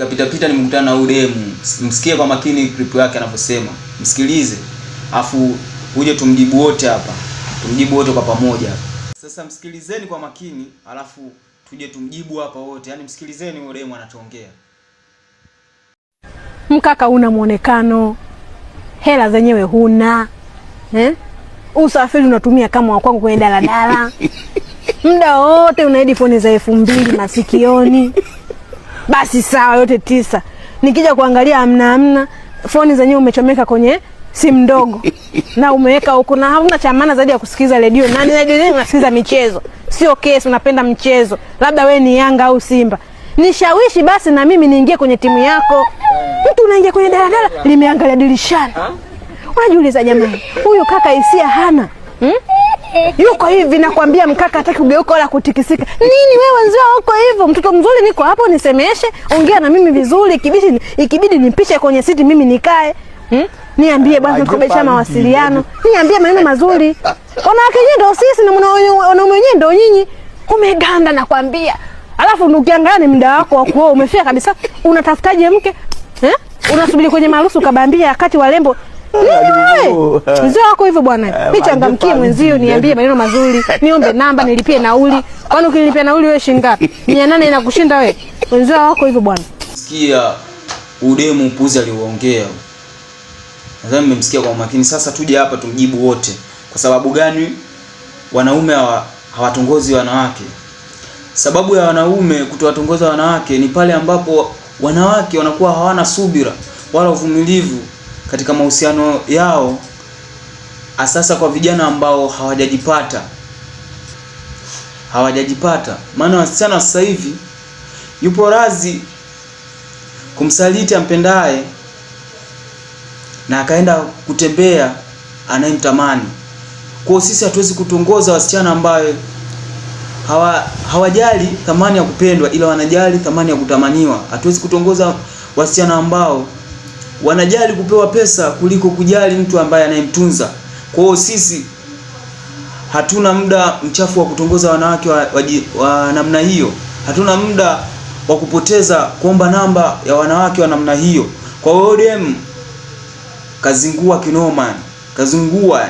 nikapita pita nimekutana na udemu, msikie kwa makini clip yake anavyosema, msikilize afu uje tumjibu wote hapa, tumjibu wote kwa pamoja Sasa msikilizeni kwa makini, alafu tuje tumjibu hapa wote, yaani msikilizeni udemu anachoongea. Mkaka una mwonekano, hela zenyewe huna eh? Usafiri unatumia kama wakwangu kwenye daladala, muda wote unaedi foni za elfu mbili masikioni basi sawa, yote tisa. Nikija kuangalia amna amna Foni zenyewe umechomeka kwenye simu ndogo na umeweka huko, na hauna cha maana zaidi ya kusikiliza redio. Nani redio? Unasikiliza michezo, sio kesi. Unapenda mchezo, labda we ni Yanga au Simba. Nishawishi basi na mimi niingie kwenye timu yako. Mtu unaingia kwenye daladala limeangalia dirishani, unajiuliza jamani, huyu kaka hisia hana hmm? yuko hivi, nakwambia mkaka hataki kugeuka wala kutikisika. Nini wewe wenzio uko hivyo? Mtoto mzuri niko hapo, nisemeshe, ongea na mimi vizuri, ikibidi ikibidi nipishe kwenye siti mimi nikae. Hmm? Niambie bwana, tukobesha mawasiliano, niambie maneno mazuri. Wanawake wenyewe ndio sisi na wanaume wenyewe ndio nyinyi, umeganda nakwambia. Alafu ukiangalia ni muda wako wa kuoa umefia kabisa, unatafutaje mke eh? Unasubiri kwenye maharusi kabambia wakati wa lembo mzee wako hivyo bwana, eh, mi changamkie mwenzio, niambie maneno mazuri, niombe namba, nilipie nauli. Kwani ukinilipia nauli wewe shilingi ngapi? mia nane inakushinda wewe? Mzee wako hivyo bwana. Sikia udemu mpuzi aliuongea, nadhani mmemsikia kwa makini. Sasa tuje hapa tumjibu wote. Kwa sababu gani wanaume hawatongozi wanawake? Sababu ya wanaume kutowatongoza wanawake ni pale ambapo wanawake wanakuwa hawana subira wala uvumilivu katika mahusiano yao, asasa kwa vijana ambao hawajajipata hawajajipata. Maana wasichana wa sasa hivi yupo razi kumsaliti ampendaye na akaenda kutembea anayemtamani. Kwa sisi hatuwezi kutongoza wasichana ambayo hawa hawajali thamani ya kupendwa, ila wanajali thamani ya kutamaniwa. Hatuwezi kutongoza wasichana ambao wanajali kupewa pesa kuliko kujali mtu ambaye anayemtunza. Kwa hiyo sisi hatuna muda mchafu wa kutongoza wanawake wa, wa, wa namna hiyo. Hatuna muda wa kupoteza kuomba namba ya wanawake wa namna hiyo. Kwa hiyo ODM kazingua kinoma, kazingua